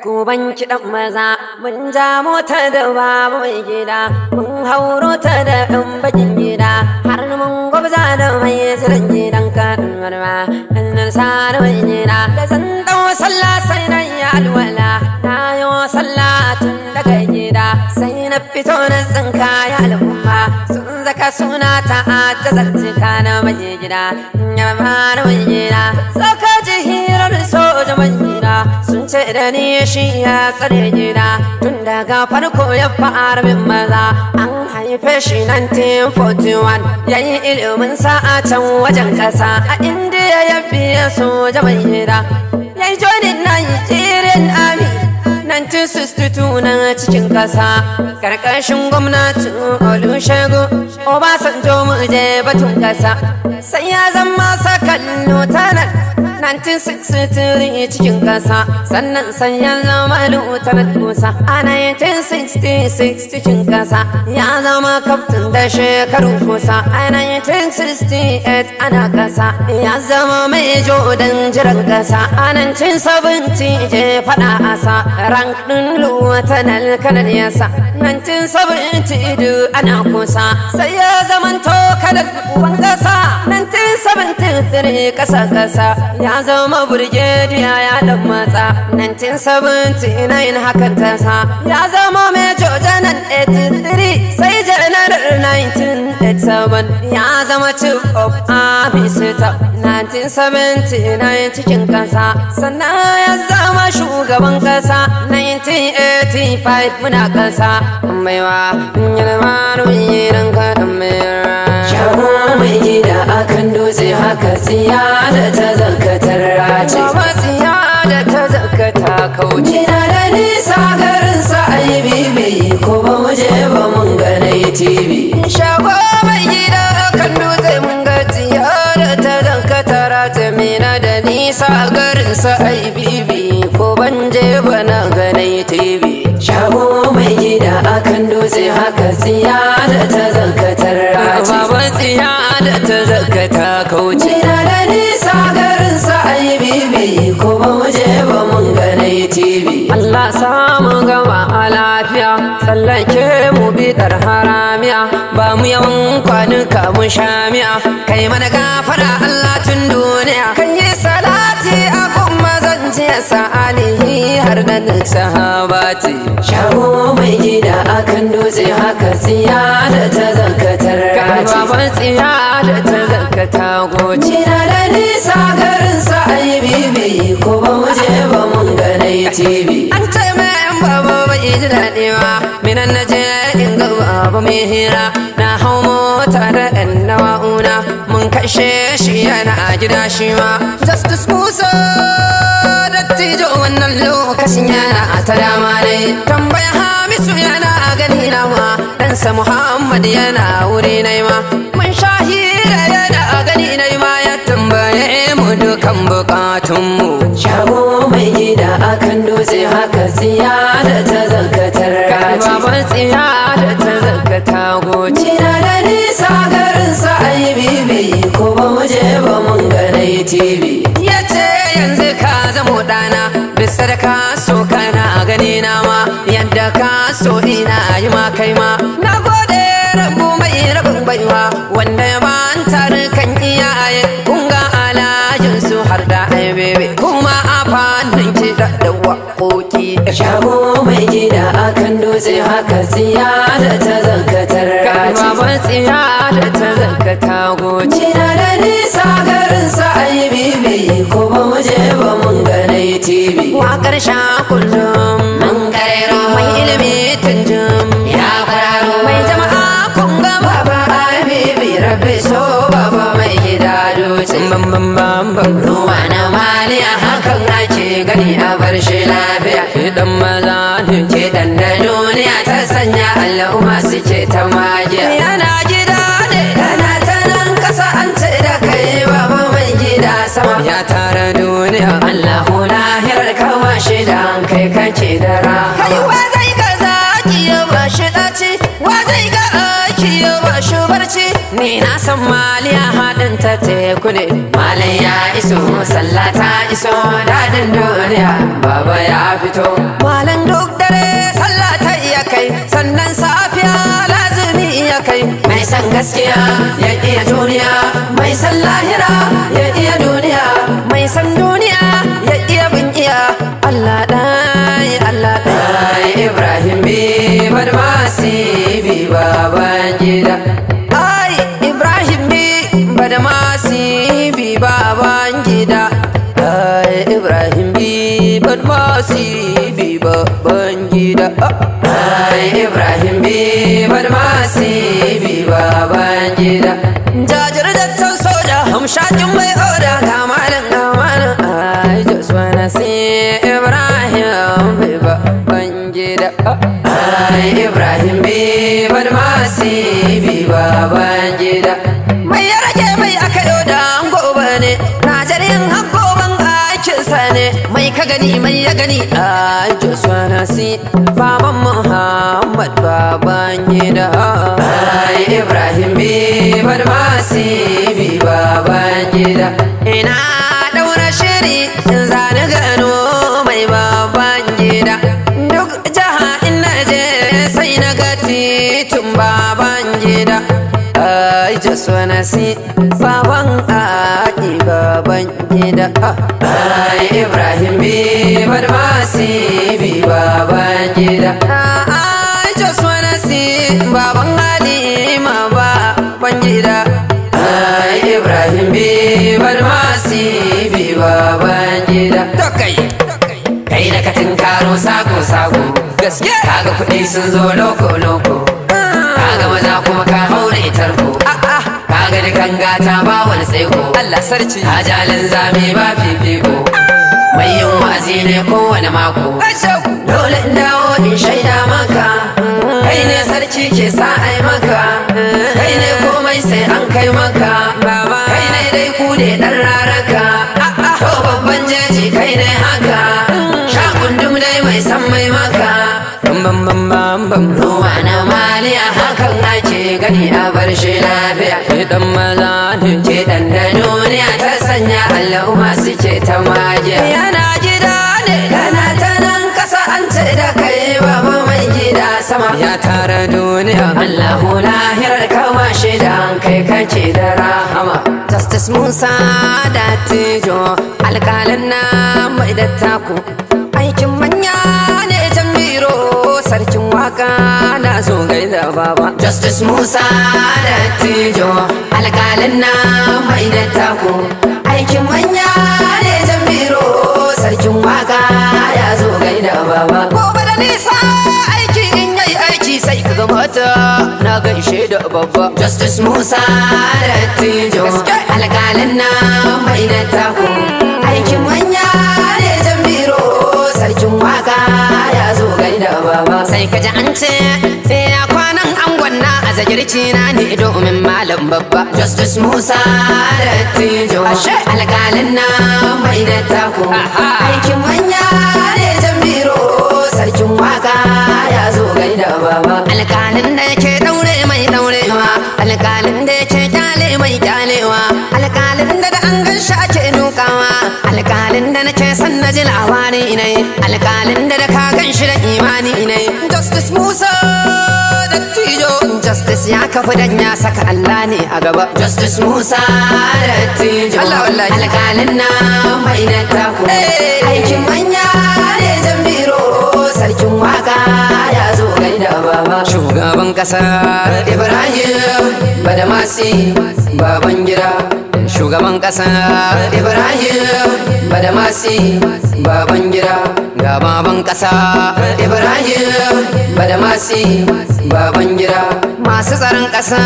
Ku ban kiɗan maza, mun ja mota da babu mai gida, mun hauro ta da ɗan bakin gida, har mun gwabza da mai zirin gidan kaɗin marma, hannun sa'ar mai gida, da zan ɗau sallah sai na yi alwala, na yi sallah tun daga gida, sai na fito na tsinka ya al'umma, zaka suna ta ta zarci kana mai gida ya na mai gida saka ji hirar soja mai gida sun ce da ni shi ya tsare gida tun daga farko ya fara min maza an haife shi 1941 ya yi ilimin sa'a can wajen kasa a indiya ya fiye soja mai gida ya yi jonin na yi ami nan tusustutu na cikin ƙasa ƙarƙashin gwamnatin olushego obasanjo mu je batun ƙasa sai ya zama sakallo tanar kantin sitiri cikin ƙasa sannan zama lutar kusa a 1966 cikin ƙasa ya zama kaftin da shekaru kusa a ana ƙasa ya zama mai jodan jiran ƙasa a 1970 je faɗa asa rank ɗin yasa 1970 ana kusa sai ya zama to kanar ƙasa 1973 ƙasa ƙasa ya zama burgediya ya dan matsa 1979 hakan ta sa ya zama major janar 83 sai janar 1987 ya zama chief of army staff 1979 cikin kasa sannan ya zama shugaban kasa 1985 muna kasa mai wa yin yi ranka da mai kan dutse haka tsiya da ta zakatar race ba tsiya da ta zakata kauce na da nisa garin sa ayi bibi ko ba mu je ba mun ga tibi shago mai gida kan dutse mun ga tsiya da ta zakata race mina da nisa garin sa ayi bibi ko ban je ba na ga tibi shago mai gida akan dutse haka tsiya da ta ko ba mu je ba mun ganai TV. Allah samu gama a lafiya, tsallake mu bidar haramiya, ba mu yawan kwanuka mun shamiya, kai mana gafara Allah tun duniya. Kan yi salati a kun zan je sa'alihi har da duk sahabati. Shawo mai gida akan dutse haka tsiya da ta zakatar raci. Kan baban tsiya da ta zakata goci. na da ji daɗi minan na je in ga abu mai hira na hau mota da ɗan nawa'una mun kashe shi yana a gida shi ma justice musa dattijo wannan lokacin yana a ta dama ne tambaya hamisu yana a gani na ma ɗansa muhammad yana wuri na ma mun sha hira yana a gani na ma ya dukan bukatunmu shago mai gida akan dutse haka tsiya da ta zakatar rati. baban tsiya da ta zakata goci na da nisa garin sa ayi bibi ko ba mu je ba mun gane tibi yace yanzu ka zamo dana bisar ka so kana gani na ma yadda ka so ina yi ma kai ma shago mai gida akan dutse haka tsiya da ta zankatar raci ba tsiya da ta zankata goci na da nisa garin sa a yi bibi ko ba mu je ba mun ganai tibi Wa karsha kullum mun karero mai ilimi tunjum ya fararo mai jama'a kun ga baba a bibi rabbi so baba mai gida dutse bambam bambam bambam ruwa na al'umma suke ta magiya yana gida ne yana ta nan kasa an ce da kai baba mai gida sama ya tara duniya allahu lahirar kama shi da kai kake da rahama wa zai wa zai barci ni na san maliya haɗin ta teku ne malin ya iso sallata iso daɗin duniya baba ya fito malin duk dare sannan safiya lazimi iya kai mai san gaskiya ya iya duniya mai san lahira ya iya duniya mai san duniya ya iya bin iya Allah dai Allah dai Ibrahim bi badmasi bi baban gida ai Ibrahim bi badmasi bi baban gida ai Ibrahim bi badmasi bi baban gida ah. ibrahim bi badmasi bi baban gida jajir dattan soja hamshakin mai oda kamalin kamalin ai joshua nasi ibrahim bi baban gida ai ibrahim bi badmasi bi baban gida mai ya rage mai aka yau da gobe ne najeriyan hakoban aikinsa ne mai ka gani mai ya gani a si Baban Muhammad baban gida Ai Ibrahim bi Badmasi bi baban gida Ina daura shiri in zani gano mai baban gida Duk jaha in je sai na ga titin baban gida Ai Jaswanasi baban aki baban gida Ai Ibrahim bi Badmasi gaske kaga kuɗi sun zo loko loko kaga maza kuma ka haure tarko kaga da kanga ta ba wani tsaiko Allah sarki hajalin zame ba fifiko mai yin wa'azi ne kowane mako dole in dawo in shaida maka kai ne sarki ke sa ai maka kai ne komai sai an kai maka kai ne dai ku ne dan raraka to babban jeji kai ne haka bam ruwa na mali a hakan ake gani a bar shi lafiya ke dan maza ne ke duniya ta sanya al'umma suke ta magiya yana gida ne kana ta nan kasa an ce da kai babu mai gida sama ya tara duniya Allahu lahirar kawa shi da kai kake da rahama Justice Musa Dattijo alƙalin na mai taku. aikin manya ne jan biro sarkin waka na so da baba justice musa da tijo alƙalin na mai da tako aikin manya ne jan sarkin waka ya zo da baba gobe da nisa aiki in yi aiki sai ka gamata na gaishe da babba justice musa da tijo alƙalin na mai da tako sai ka ji an ce sai ya kwanan angon na a zagirci na ne domin malam babba justice musa da tijo ashe alƙalin na mai na tako Justice Musa Dattijo Justice ya kafi dan ya saka Allah ne a gaba Justice Musa Dattijo Allah wallahi alƙalin na mai da taku eh. aikin manya ne jambiro sarkin waka ya zo gaida baba shugaban kasa Ibrahim Badamasi baban gida shugaban ƙasa ibrahim badamasi baban gida ga baban ƙasa ibrahim badamasi baban gida masu tsaron ƙasa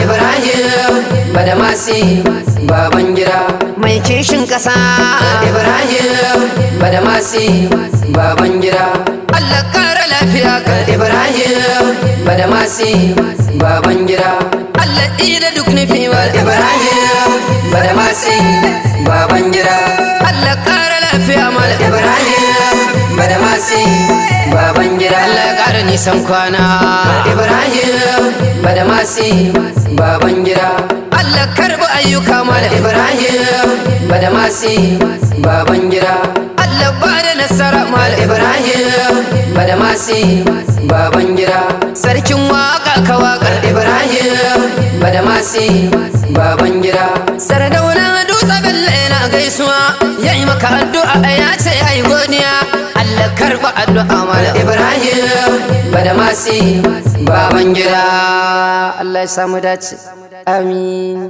ibrahim badamasi baban gida mai kishin ƙasa ibrahim badamasi baban gida allah kara lafiya ga ibrahim badamasi baban gida Allah ila duk nufiwar Ibrahim bada masi baban gida Allah ƙara lafiya mal Ibrahim bada masi baban gida Allah ƙara nisan kwana Ibrahim bada masi baban gida Allah karbi ayyuka mal Ibrahim bada masi baban gida Allah bada nasara mal Ibrahim bada masi baban gida sarkin waka ka wakar Ibrahim badamasi baban gida sardauna dutse bello na gaisuwa ya yi maka addu'a ya ce ya yi godiya allah karba addu'a mala ibrahim badamasi baban gida allah ya samu dace amin